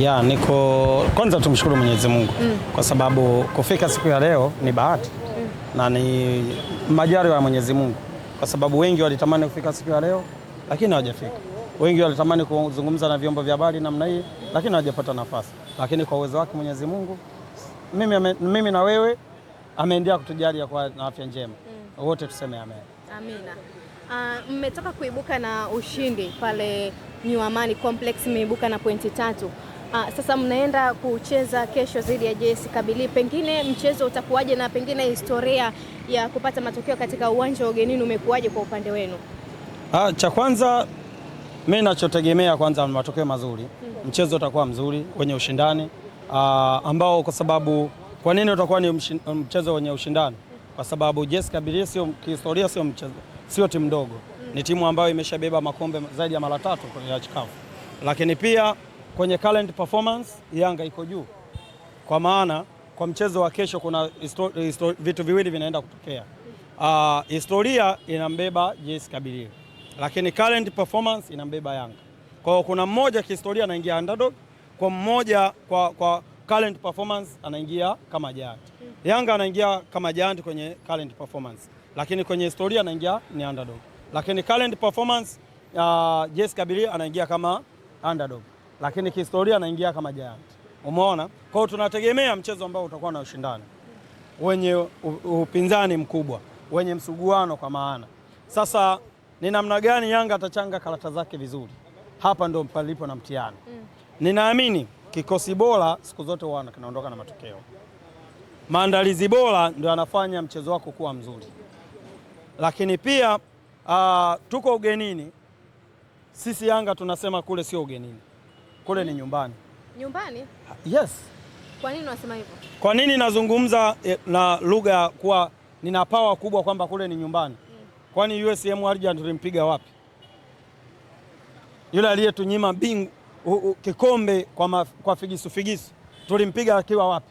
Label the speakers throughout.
Speaker 1: Ya, niko kwanza tumshukuru Mwenyezi Mungu mm. kwa sababu kufika siku ya leo ni bahati mm. na ni majari ya Mwenyezi Mungu, kwa sababu wengi walitamani kufika siku ya leo lakini hawajafika. Wengi walitamani kuzungumza na vyombo vya habari namna hii lakini hawajapata nafasi, lakini kwa uwezo wake Mwenyezi Mungu mimi, ame, mimi na wewe ameendelea kutujalia kwa na afya njema mm. wote tuseme amen.
Speaker 2: Amina. Uh, ah, mmetoka kuibuka na ushindi pale New Amani Complex, mmeibuka na pointi tatu. Ah, sasa mnaenda kucheza kesho dhidi ya JS Kabylie, pengine mchezo utakuwaje na pengine historia ya kupata matokeo katika uwanja wa ugenini umekuwaje kwa upande wenu?
Speaker 1: Ah, cha kwanza mimi ninachotegemea kwanza matokeo mazuri. hmm. Mchezo utakuwa mzuri wenye ushindani ah, ambao kwa sababu kwa nini utakuwa ni mchezo wenye ushindani? Kwa sababu JS Kabylie sio kihistoria, sio mchezo, sio timu ndogo. hmm. Ni timu ambayo imeshabeba makombe zaidi ya mara tatu ya CAF, lakini pia kwenye current performance Yanga iko juu, kwa maana kwa mchezo wa kesho kuna histori, histori, vitu viwili vinaenda kutokea. Uh, historia inambeba JS Kabylie, lakini current performance inambeba Yanga. Kwa hiyo kuna mmoja kihistoria anaingia underdog, kwa mmoja kwa, kwa current performance anaingia kama giant. Yanga anaingia kama giant kwenye current performance, lakini kwenye historia anaingia ni underdog, lakini current performance uh, ah, JS Kabylie anaingia kama underdog lakini kihistoria anaingia kama giant. Umeona? Kwa hiyo tunategemea mchezo ambao utakuwa na ushindani wenye upinzani mkubwa, wenye msuguano kwa maana. Sasa ni namna gani Yanga atachanga karata zake vizuri? Hapa ndo palipo na mtihani. Mm. Ninaamini kikosi bora siku zote huwa kinaondoka na matokeo. Maandalizi bora ndo anafanya mchezo wako kuwa mzuri, lakini pia uh, tuko ugenini sisi. Yanga tunasema kule sio ugenini kule ni nyumbani. Nyumbani? Yes.
Speaker 2: Kwa nini unasema hivyo?
Speaker 1: Kwa nini nazungumza eh, na lugha ya kuwa nina pawa kubwa kwamba kule ni nyumbani? Mm. Kwani USM Alger tulimpiga wapi? Yule aliyetunyima bingu u, u, kikombe kwa, ma, kwa figisu figisu tulimpiga akiwa wapi?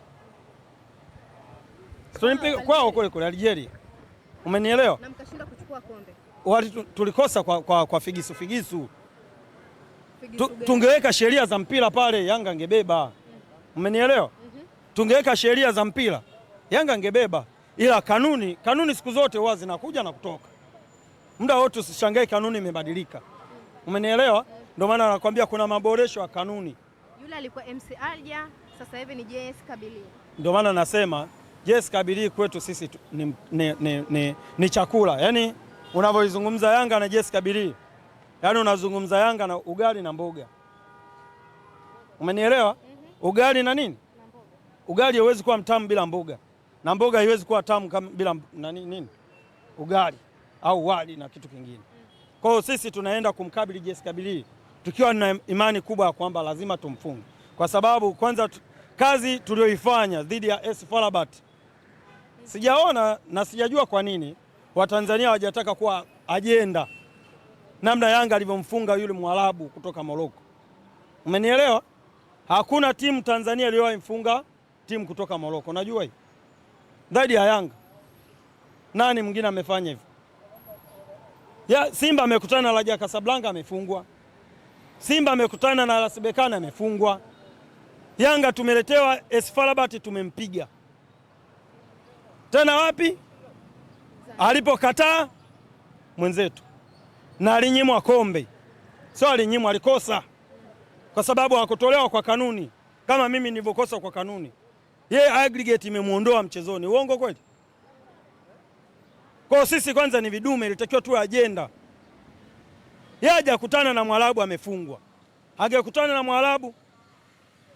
Speaker 1: Tulimpiga kwao kule kule Algeria. Umenielewa? Na
Speaker 2: mkashinda kuchukua kombe.
Speaker 1: Wali tulikosa kwa, kwa, kwa figisu figisu tu, tungeweka sheria za mpira pale, Yanga angebeba. umenielewa? Mhm. Tungeweka sheria za mpira, Yanga angebeba, ila kanuni, kanuni siku zote huwa zinakuja na kutoka muda wote. Usishangae kanuni imebadilika, umenielewa? Ndio maana nakwambia kuna maboresho ya kanuni.
Speaker 2: Yule alikuwa MC Alja, sasa hivi ni JS Kabili.
Speaker 1: Ndio maana nasema JS Kabili kwetu sisi ni, ni, ni, ni, ni chakula, yaani unavyoizungumza Yanga na JS Kabili yaani unazungumza Yanga na ugali na mboga, umenielewa? Mhm. Ugali na nini Ugali haiwezi kuwa mtamu bila mboga na mboga haiwezi kuwa tamu kama bila nani, nini, ugali au wali na kitu kingine mm. Kwa hiyo sisi tunaenda kumkabili Jessica Bili tukiwa na imani kubwa ya kwamba lazima tumfunge, kwa sababu kwanza kazi tulioifanya dhidi ya AS FAR Rabat sijaona na sijajua kwa nini Watanzania hawajataka kuwa ajenda namna Yanga alivyomfunga yule Mwarabu kutoka Moroko. Umenielewa? Hakuna timu Tanzania iliyowahi mfunga timu kutoka Moroko, najua hiyo zaidi ya Yanga. Nani mwingine amefanya hivyo? Ya, Simba amekutana na Raja Casablanca amefungwa. Simba amekutana na RS Berkane amefungwa. Yanga tumeletewa AS FAR Rabat tumempiga tena wapi alipokataa mwenzetu na alinyimwa kombe, sio alinyimwa, alikosa kwa sababu hakutolewa kwa kanuni, kama mimi nilivyokosa kwa kanuni. Ye aggregate imemwondoa mchezoni, uongo kweli? Kwa sisi kwanza ni vidume, ilitakiwa tuwe ajenda. Ye hajakutana na Mwarabu, amefungwa. Hagekutana na Mwarabu,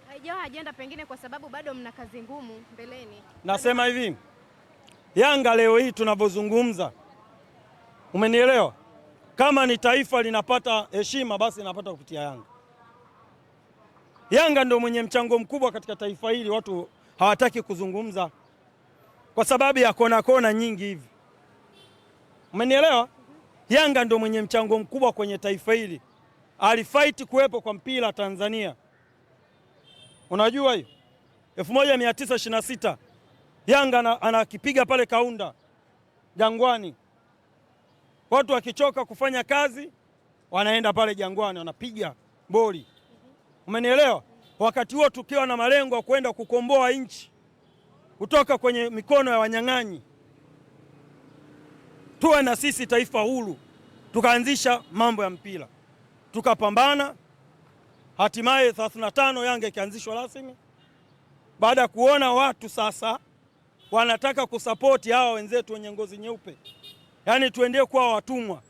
Speaker 2: haijawa ajenda, pengine kwa sababu bado mna kazi ngumu mbeleni.
Speaker 1: Nasema hivi, Yanga leo hii tunavyozungumza, umenielewa? kama ni taifa linapata heshima, basi linapata kupitia Yanga. Yanga ndio mwenye mchango mkubwa katika taifa hili, watu hawataki kuzungumza kwa sababu ya kona kona nyingi hivi, umenielewa? Yanga ndio mwenye mchango mkubwa kwenye taifa hili, alifaiti kuwepo kwa mpira Tanzania. Unajua hiyo sita Yanga anakipiga pale Kaunda Jangwani Watu wakichoka kufanya kazi wanaenda pale Jangwani wanapiga boli, umenielewa? Wakati huo tukiwa na malengo ya kwenda kukomboa nchi kutoka kwenye mikono ya wanyang'anyi, tuwe na sisi taifa huru. Tukaanzisha mambo ya mpira, tukapambana, hatimaye 35 Yanga ikaanzishwa rasmi, baada ya kuona watu sasa wanataka kusapoti hawa wenzetu wenye ngozi nyeupe yaani tuendee kuwa watumwa,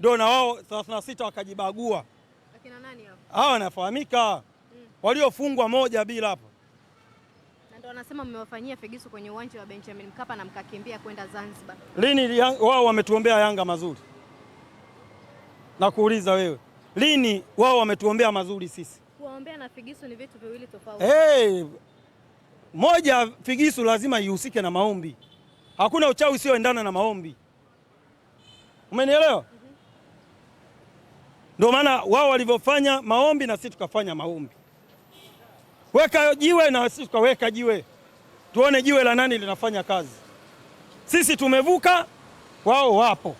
Speaker 1: ndio na wao 36 wakajibagua.
Speaker 2: Akina nani hapo?
Speaker 1: Hawa wanafahamika mm. waliofungwa moja bila hapo,
Speaker 2: na ndio wanasema mmewafanyia figisu kwenye uwanja wa Benjamin Mkapa na mkakimbia kwenda Zanzibar.
Speaker 1: Lini wao wametuombea Yanga mazuri? Nakuuliza wewe, lini wao wametuombea mazuri sisi?
Speaker 2: Kuwaombea na figisu ni vitu viwili tofauti.
Speaker 1: Hey, moja figisu lazima ihusike na maombi, hakuna uchawi usioendana na maombi. Umenielewa? Ndio maana wao walivyofanya maombi na sisi tukafanya maombi. Weka jiwe na sisi tukaweka jiwe, tuone jiwe la nani linafanya kazi. Sisi tumevuka, wao wapo.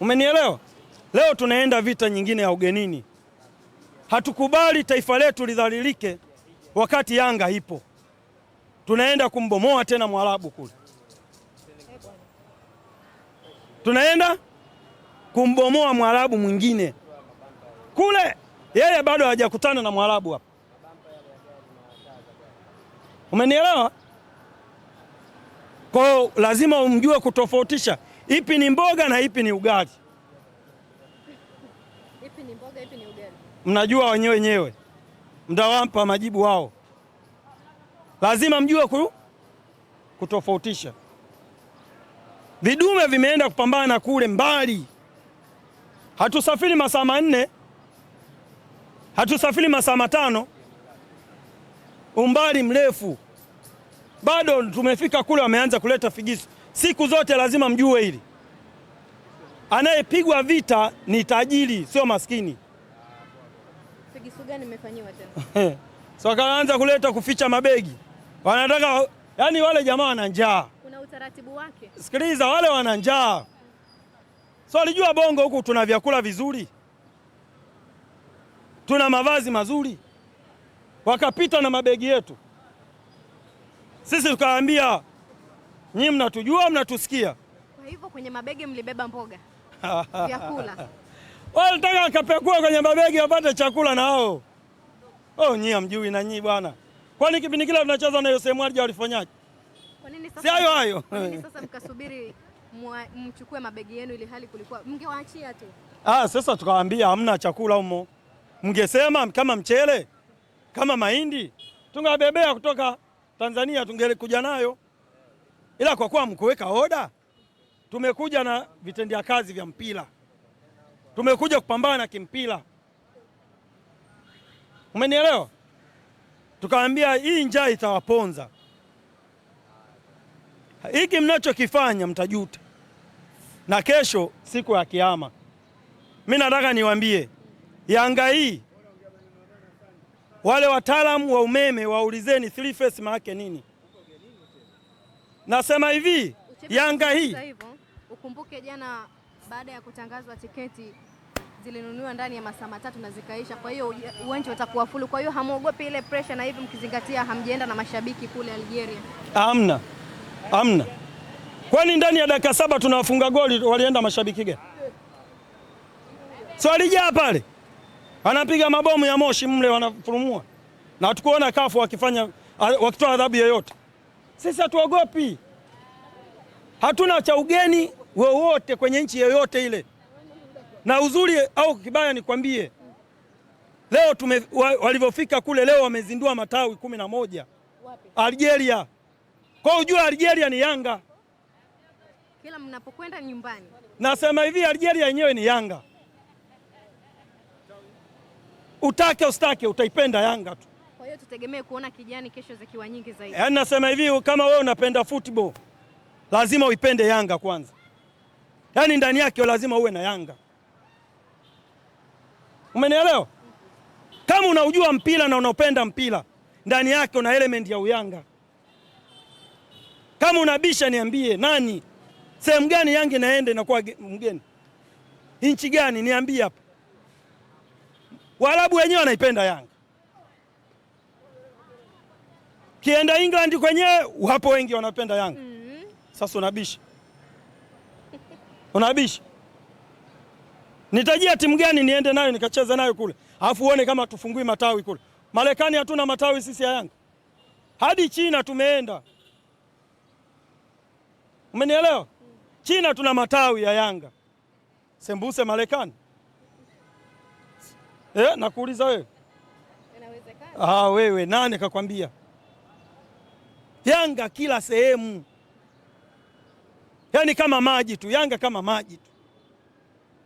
Speaker 1: Umenielewa? Leo tunaenda vita nyingine ya ugenini. Hatukubali taifa letu lidhalilike wakati Yanga ipo. Tunaenda kumbomoa tena Mwarabu kule tunaenda kumbomoa Mwarabu mwingine kule, yeye bado hajakutana na Mwarabu hapa. Umenielewa? Kwa hiyo lazima umjue kutofautisha ipi ni mboga na ipi ni ugali.
Speaker 2: Ipi ni mboga, ipi ni ugali?
Speaker 1: Mnajua wenyewe wenyewe, mtawampa majibu wao. Lazima mjue kutofautisha. Vidume vimeenda kupambana kule mbali, hatusafiri masaa manne, hatusafiri masaa matano, umbali mrefu. Bado tumefika kule, wameanza kuleta figisu. Siku zote lazima mjue hili, anayepigwa vita ni tajiri, sio maskini.
Speaker 2: Figisu gani
Speaker 1: tena? so wakaanza kuleta kuficha mabegi, wanataka yani, wale jamaa wana njaa
Speaker 2: utaratibu wake.
Speaker 1: Sikiliza, wale wana njaa, so walijua Bongo huku tuna vyakula vizuri, tuna mavazi mazuri, wakapita na mabegi yetu. Sisi tukawaambia nyinyi mnatujua, mnatusikia.
Speaker 2: Kwa hivyo kwenye mabegi mlibeba mboga, vyakula
Speaker 1: walitaka akapekua kwenye mabegi wapate chakula na wao. Oh, nyinyi mjui na nyinyi bwana, kwani kipindi kile tunacheza na Yose alija walifanyaje? Kwa nini sasa? Si hayo hayo.
Speaker 2: Kwa nini sasa mkasubiri mchukue mabegi yenu ili hali kulikuwa mngewaachia tu?
Speaker 1: Ah, sasa tukawaambia hamna chakula humo. Mngesema kama mchele kama mahindi tungabebea kutoka Tanzania tungekuja nayo, ila kwa kuwa mkuweka oda, tumekuja na vitendea kazi vya mpira, tumekuja kupambana na kimpira, umenielewa? Tukaambia hii njaa itawaponza hiki mnachokifanya mtajuta, na kesho siku ya Kiyama. Mimi nataka niwaambie Yanga hii, wale wataalamu wa umeme waulizeni three phase maana nini. Nasema hivi Yanga hii
Speaker 2: ukumbuke, jana baada ya kutangazwa tiketi zilinunuliwa ndani ya masaa matatu na zikaisha. Kwa hiyo uwanja utakuwa fulu, kwa hiyo hamwogopi ile pressure, na hivi mkizingatia hamjaenda na mashabiki kule Algeria,
Speaker 1: hamna Hamna. Kwani ndani ya dakika saba tunawafunga goli, walienda mashabiki gani? Swali so, pale, anapiga mabomu ya moshi mle, wanafurumua na hatukuona kafu wakifanya wakitoa adhabu yoyote. Sisi hatuogopi, hatuna cha ugeni wowote kwenye nchi yoyote ile. Na uzuri au kibaya, nikwambie leo tume, wa, walivyofika kule leo wamezindua matawi kumi na moja Algeria kwa ujua Algeria ni Yanga.
Speaker 2: Kila mnapokwenda nyumbani.
Speaker 1: Nasema hivi Algeria yenyewe ni Yanga. Utake usitake utaipenda Yanga tu.
Speaker 2: Kwa hiyo tutegemee kuona kijani kesho zikiwa nyingi zaidi.
Speaker 1: Yaani nasema hivi kama wewe unapenda football lazima uipende Yanga kwanza. Yaani ndani yake lazima uwe na Yanga. Umenielewa? Kama unaujua mpira na unaopenda mpira ndani yake una element ya uyanga. Kama unabisha niambie, nani sehemu gani Yanga na inakuwa mgeni nchi gani? Niambie hapa. Waarabu wenyewe wanaipenda Yanga, kienda England kwenyewe wapo wengi wanapenda Yanga. Mm-hmm. Sasa unabisha, unabisha. Nitajia timu gani niende nayo nikacheza nayo kule, alafu uone kama tufungui matawi kule. Marekani hatuna matawi sisi ya Yanga, hadi China tumeenda Umenielewa? China tuna matawi ya Yanga sembuse Marekani eh, nakuuliza wewe. Ah, wewe nani kakwambia? Yanga kila sehemu, yaani kama maji tu. Yanga kama maji tu,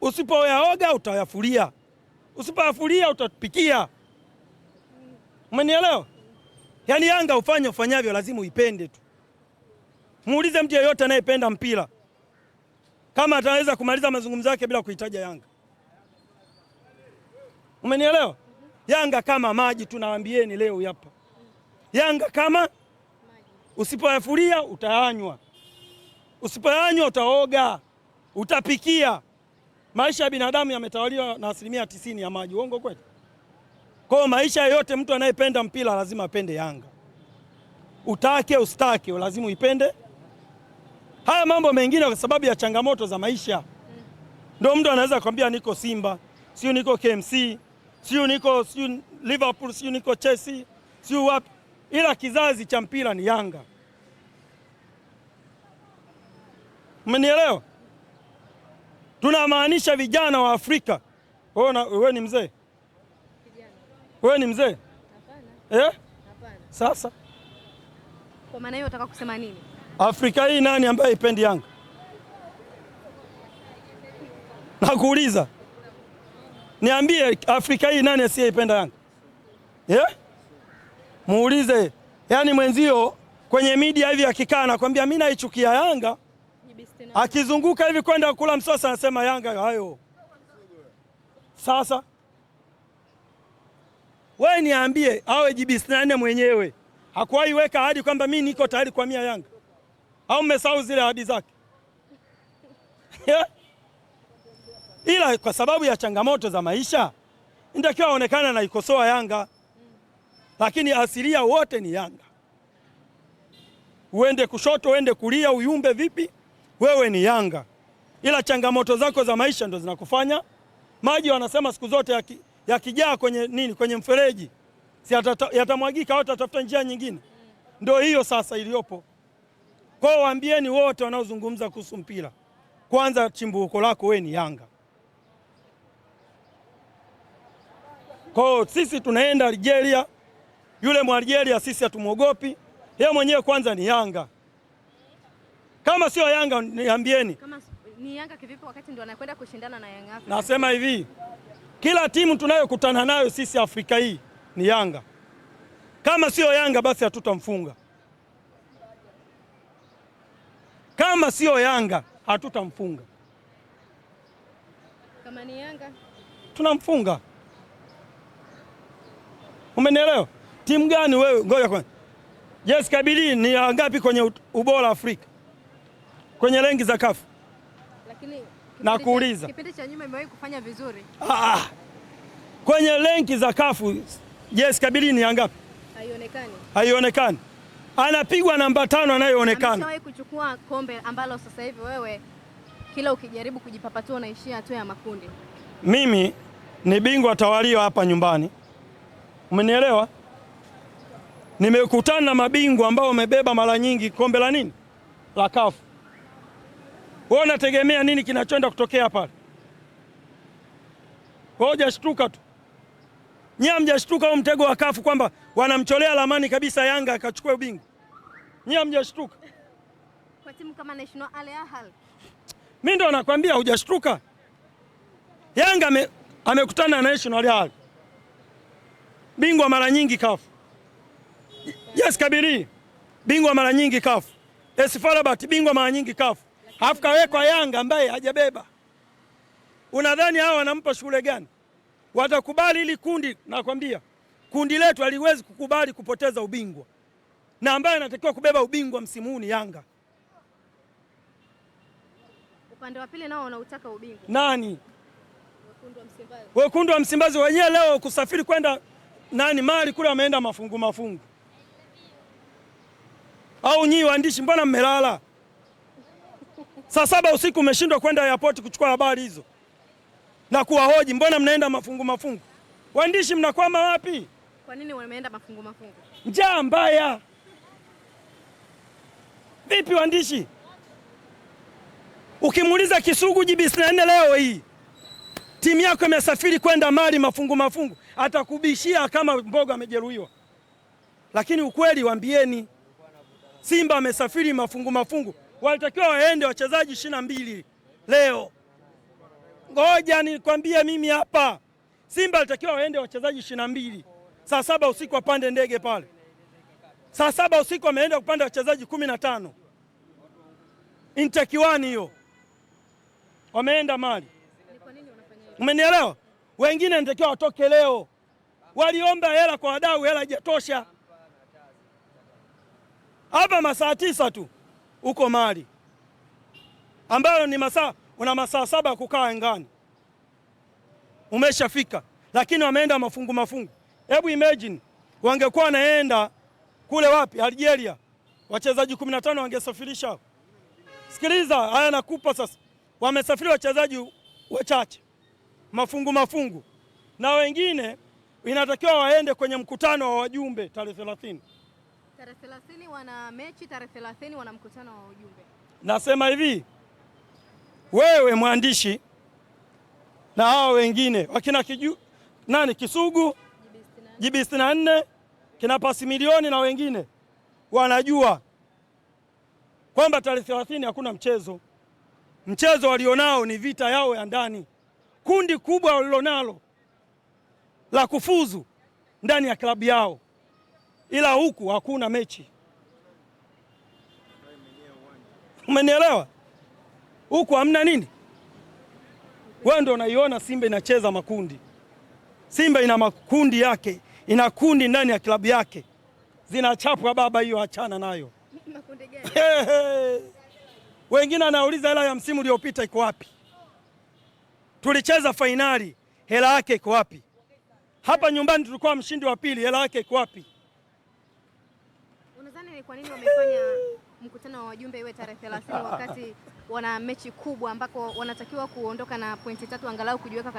Speaker 1: usipoyaoga utayafulia, usipoyafulia utapikia. Umenielewa? Yaani Yanga ufanye ufanyavyo, lazima uipende tu. Muulize mtu yeyote anayependa mpira kama ataweza kumaliza mazungumzo yake bila kuitaja Yanga. Umenielewa? Yanga kama maji, tunawaambieni leo hapa, Yanga kama usipoyafuria utayanywa, usipoyanywa utaoga, utapikia. Maisha ya binadamu yametawaliwa na asilimia tisini ya maji. Uongo kweli? Kwa maisha yote, mtu anayependa mpira lazima apende Yanga, utake ustake, lazima uipende Haya mambo mengine kwa sababu ya changamoto za maisha, ndio mtu anaweza kwambia niko Simba, sio niko KMC, sio niko siyo Liverpool, sio niko Chelsea, sio wapi, ila kizazi cha mpira ni Yanga. Mmenielewa? Tunamaanisha vijana wa Afrika. Wewe ni mzee, wewe ni mzee eh? Sasa
Speaker 2: kwa maana hiyo unataka kusema nini?
Speaker 1: Afrika hii nani ambaye ipendi Yanga? Nakuuliza, niambie, Afrika hii nani asiyeipenda Yanga? yeah? Muulize yaani mwenzio kwenye media hivi akikaa anakwambia mimi naichukia Yanga, akizunguka hivi kwenda kula msasa anasema Yanga hayo. Sasa wewe niambie, awe GB64 mwenyewe hakuwahi weka hadi kwamba mimi niko tayari kuhamia Yanga au mmesahau zile ahadi zake? Ila kwa sababu ya changamoto za maisha nitakiwa aonekana naikosoa Yanga, lakini asilia wote ni Yanga. Uende kushoto, uende kulia, uyumbe vipi, wewe ni Yanga, ila changamoto zako za maisha ndo zinakufanya maji wanasema siku zote yakijaa ya kwenye nini, kwenye mfereji si yatamwagika, au tatafuta njia nyingine? ndo hiyo sasa iliyopo. Kwa hiyo waambieni wote wanaozungumza kuhusu mpira, kwanza chimbuko lako wewe ni Yanga. Kwa sisi tunaenda Algeria, yule mwa Algeria sisi hatumwogopi yeye mwenyewe, kwanza ni Yanga. Kama sio Yanga niambieni
Speaker 2: kama ni Yanga kivipi, wakati ndio anakwenda kushindana na Yanga?
Speaker 1: Nasema hivi kila timu tunayokutana nayo sisi Afrika hii ni Yanga. Kama siyo Yanga basi hatutamfunga. Kama sio Yanga hatutamfunga.
Speaker 2: Kama ni Yanga
Speaker 1: tunamfunga. Umenielewa? Timu gani wewe? Ngoja kwanza. Yes, Kabili ni ngapi kwenye ubora Afrika kwenye rengi za kafu? Lakini nakuuliza
Speaker 2: kipindi cha nyuma imewahi kufanya vizuri.
Speaker 1: Ah, kwenye rengi za kafu Yes, Kabili ni ngapi? Haionekani. Haionekani anapigwa namba tano anayoonekana.
Speaker 2: Ameshawahi kuchukua kombe ambalo sasa hivi wewe kila ukijaribu kujipapatua unaishia hatua ya makundi.
Speaker 1: Mimi ni bingwa tawalio hapa nyumbani, umenielewa? Nimekutana na mabingwa ambao wamebeba mara nyingi kombe la nini la kafu. Wewe unategemea nini kinachoenda kutokea pale? Wewe hujashtuka tu nyie, hamjashtuka huu mtego wa kafu kwamba wanamcholea lamani kabisa Yanga akachukua ubingwa. Nyie hamjashtuka?
Speaker 2: Kwa timu kama National Al Ahly.
Speaker 1: Mimi ndo nakwambia hujashtuka. Yanga amekutana na National Al Ahly, bingwa mara nyingi kafu. Yes Kabiri, bingwa mara nyingi kafu. AS Farabat bingwa mara nyingi kafu. Halafu kawekwa Yanga ambaye hajabeba. Unadhani hawa wanampa shule gani? Watakubali ili kundi? Nakwambia kundi letu haliwezi kukubali kupoteza ubingwa na ambaye anatakiwa kubeba ubingwa msimu huu ni Yanga.
Speaker 2: Upande wa pili nao wanautaka ubingwa. Nani? Wekundu wa Msimbazi.
Speaker 1: Wekundu wa Msimbazi wenyewe leo kusafiri kwenda nani mali kule ameenda mafungu mafungu. Au nyii waandishi mbona mmelala? Saa saba usiku umeshindwa kwenda airport kuchukua habari hizo na kuwahoji, mbona mnaenda mafungu mafungu? Waandishi mnakwama wapi?
Speaker 2: Kwa nini wameenda mafungu mafungu?
Speaker 1: Njaa mbaya. Vipi waandishi? Ukimuuliza Kisugu jibi sitini leo hii timu yako imesafiri kwenda Mali mafungu mafungu, atakubishia kama mboga amejeruhiwa. Lakini ukweli waambieni, Simba amesafiri mafungu mafungu, walitakiwa waende wachezaji ishirini na mbili leo. Ngoja nikwambie mimi hapa, Simba alitakiwa waende wachezaji ishirini na mbili saa saba usiku wapande ndege pale saa saba usiku ameenda kupanda wachezaji kumi na tano intakiwani hiyo wameenda Mali, umenielewa? Wengine nitakiwa watoke leo, waliomba hela kwa wadau, hela haijatosha. Hapa masaa tisa tu uko Mali, ambayo ni masaa una masaa saba ya kukaa ngani, umeshafika. Lakini wameenda mafungu mafungu. Hebu imagine wangekuwa wanaenda kule wapi Algeria, wachezaji 15 wangesafirisha. Sikiliza haya nakupa sasa, wamesafiri wachezaji wachache mafungu mafungu, na wengine inatakiwa waende kwenye mkutano wa wajumbe tarehe 30.
Speaker 2: Tarehe 30 wana mechi, tarehe 30 wana mkutano wa wajumbe.
Speaker 1: Nasema hivi wewe mwandishi na hao wengine wakina kiju, nani Kisugu, JB 64 kina pasi milioni na wengine wanajua kwamba tarehe 30 hakuna mchezo. Mchezo walionao ni vita yao ya ndani, kundi kubwa walilonalo la kufuzu ndani ya klabu yao, ila huku hakuna mechi. Umenielewa? Huku hamna nini. Wewe ndio unaiona Simba inacheza makundi. Simba ina makundi yake ina kundi ndani ya klabu yake zinachapwa baba, hiyo achana nayo. Wengine anauliza hela ya msimu uliopita iko wapi? Tulicheza fainali, hela yake iko wapi? Hapa nyumbani tulikuwa mshindi wa pili, hela yake iko wapi?
Speaker 2: Unadhani ni kwa nini wamefanya mkutano wa wajumbe iwe tarehe 30 wakati wana mechi kubwa ambako wanatakiwa kuondoka na pointi tatu angalau kujiweka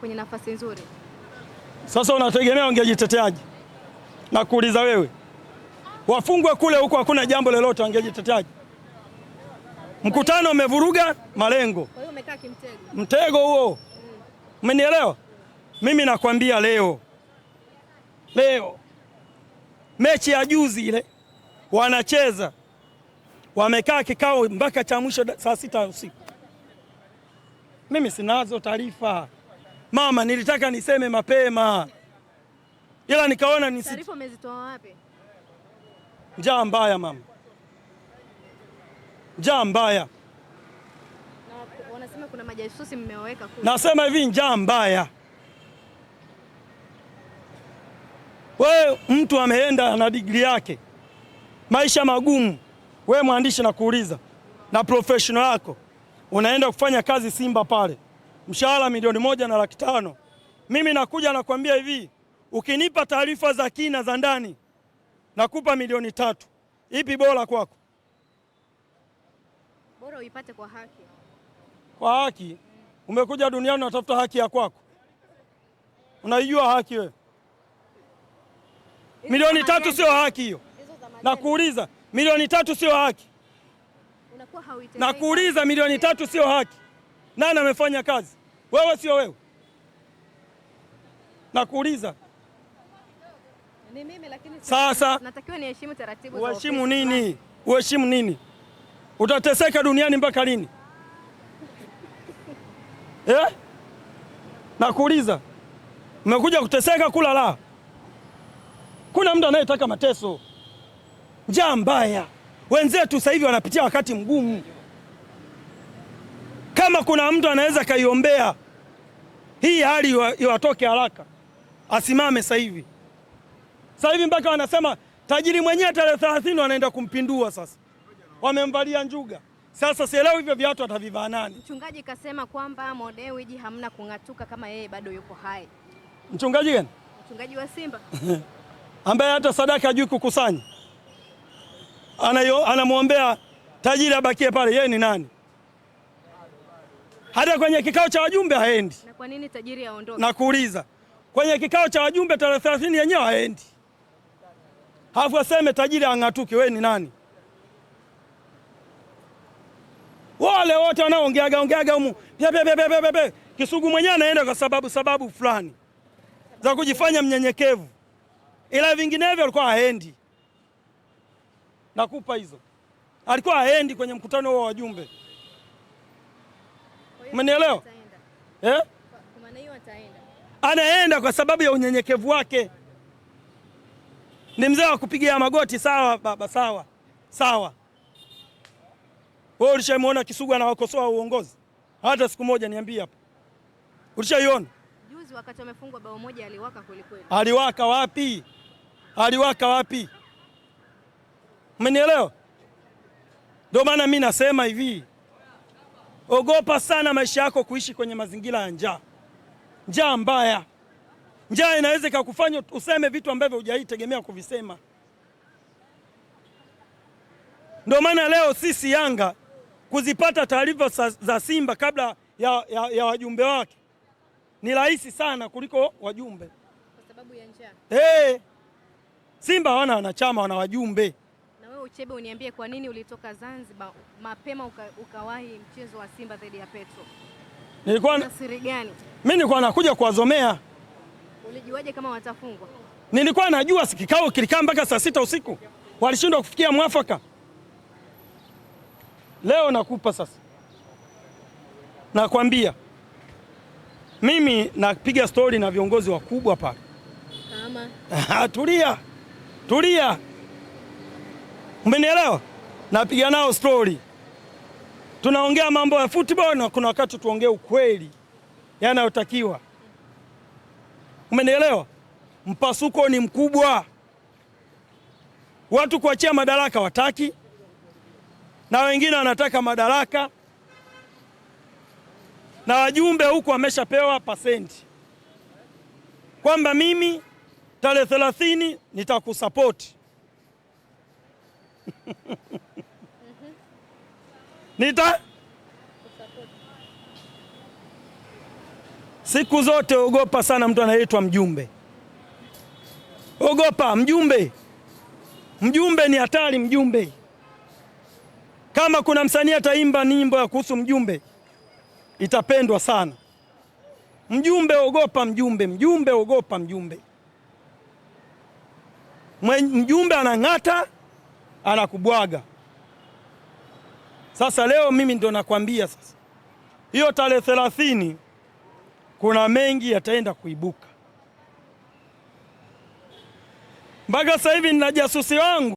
Speaker 2: kwenye nafasi nzuri?
Speaker 1: Sasa unategemea wangejiteteaje? Na kuuliza wewe, wafungwe kule huko, hakuna jambo lolote, wangejiteteaje? Mkutano umevuruga malengo,
Speaker 2: kwa hiyo umekaa kimtego,
Speaker 1: mtego huo. Umenielewa? Mimi nakwambia leo, leo mechi ya juzi ile wanacheza, wamekaa kikao mpaka cha mwisho saa sita usiku. Mimi sinazo taarifa. Mama, nilitaka niseme mapema ila nikaona nisi...
Speaker 2: Taarifa umezitoa wapi?
Speaker 1: Njaa mbaya mama, njaa mbaya
Speaker 2: na, wanasema kuna majasusi mmewaweka kule.
Speaker 1: Nasema hivi njaa mbaya, we mtu ameenda na digri yake, maisha magumu. We mwandishi, nakuuliza na professional yako unaenda kufanya kazi Simba pale mshahara milioni moja na laki tano. Mimi nakuja nakwambia hivi, ukinipa taarifa za kina za ndani nakupa milioni tatu. Ipi bora kwako?
Speaker 2: Bora uipate kwa haki,
Speaker 1: kwa haki. Umekuja duniani unatafuta haki ya kwako, unaijua haki wewe? Milioni tatu sio haki hiyo, nakuuliza. Milioni tatu sio haki, nakuuliza. Milioni tatu sio haki nani amefanya kazi? Wewe sio wewe? Nakuuliza. Ni mimi lakini sasa
Speaker 2: natakiwa niheshimu taratibu
Speaker 1: za Uheshimu nini? Uheshimu nini? Utateseka duniani mpaka lini? Eh? Nakuuliza. Mmekuja kuteseka kula la. Kuna mtu anayetaka mateso. Njaa mbaya. Wenzetu sasa hivi wanapitia wakati mgumu. Kama kuna mtu anaweza kaiombea hii hali iwatoke haraka, asimame sasa hivi. Sasa hivi mpaka wanasema tajiri mwenyewe tarehe 30 wanaenda kumpindua sasa, wamemvalia njuga sasa. Sielewi hivyo viatu atavivaa nani?
Speaker 2: Mchungaji kasema kwamba Modewiji hamna kung'atuka kama yeye bado yuko hai. Mchungaji gani? Mchungaji wa Simba
Speaker 1: ambaye hata sadaka hajui kukusanya, anamwombea tajiri abakie pale. Yeye ni nani? hata kwenye kikao cha wajumbe haendi.
Speaker 2: Na kwa nini tajiri aondoke?
Speaker 1: Nakuuliza, kwenye kikao cha wajumbe tarehe 30 yenyewe haendi, halafu aseme tajiri ang'atuke. Wewe ni nani? Wale wote wanaongeaga ongeaga humu pia, Kisugu mwenyewe anaenda kwa sababu sababu fulani za kujifanya mnyenyekevu, ila vinginevyo alikuwa haendi. Nakupa hizo, alikuwa haendi kwenye mkutano wa wajumbe. Umenielewa? Eh? Anaenda kwa sababu ya unyenyekevu wake. Ni mzee wa kupigia magoti, sawa baba, sawa sawa. Wewe ulishamwona Kisugu anawakosoa uongozi? Hata siku moja, niambie hapa, ulishaiona?
Speaker 2: Juzi wakati amefungwa bao moja, aliwaka kweli kweli.
Speaker 1: Aliwaka wapi? Aliwaka wapi? Umenielewa? Ndio maana mimi nasema hivi Ogopa sana maisha yako kuishi kwenye mazingira ya njaa, njaa mbaya. Njaa inaweza ikakufanya useme vitu ambavyo hujaitegemea kuvisema. Ndio maana leo sisi Yanga kuzipata taarifa za Simba kabla ya, ya, ya wajumbe wake ni rahisi sana kuliko wajumbe
Speaker 2: kwa sababu ya njaa.
Speaker 1: Hey, eh, Simba hawana wanachama, wana wajumbe
Speaker 2: wewe Uchebe, uniambie kwa nini ulitoka Zanzibar mapema uka, ukawahi mchezo wa Simba dhidi ya Petro?
Speaker 1: Nilikuwa na siri gani? Mimi nilikuwa nakuja kuwazomea.
Speaker 2: Ulijuaje kama watafungwa?
Speaker 1: Nilikuwa najua kikao kilikaa mpaka saa sita usiku, walishindwa kufikia mwafaka. Leo nakupa sasa, nakwambia mimi napiga stori na viongozi wakubwa pale. Kama tulia tulia Umenielewa? Napiga nao stori, tunaongea mambo ya football na kuna wakati tuongee ukweli yanayotakiwa. Umenielewa? Mpasuko ni mkubwa, watu kuachia madaraka wataki, na wengine wanataka madaraka, na wajumbe huku wameshapewa pasenti kwamba mimi tarehe thelathini nitakusapoti nita siku zote ogopa sana mtu anaitwa mjumbe. Ogopa mjumbe, mjumbe ni hatari. Mjumbe kama kuna msanii ataimba nyimbo ya kuhusu mjumbe itapendwa sana. Mjumbe ogopa mjumbe, mjumbe ogopa mjumbe. Mjumbe anang'ata, anakubwaga. Sasa leo mimi ndo nakwambia sasa, hiyo tarehe thelathini kuna mengi yataenda kuibuka. Mpaka sasa hivi nina jasusi wangu.